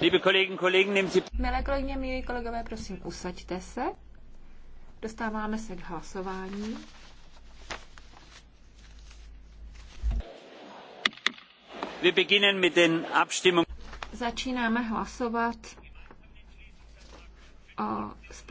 Milé kolegyně, milí kolegové, prosím, usaďte se. Dostáváme se k hlasování. Wir beginnen mit den Abstimmungen. Začínáme hlasovat o společnosti.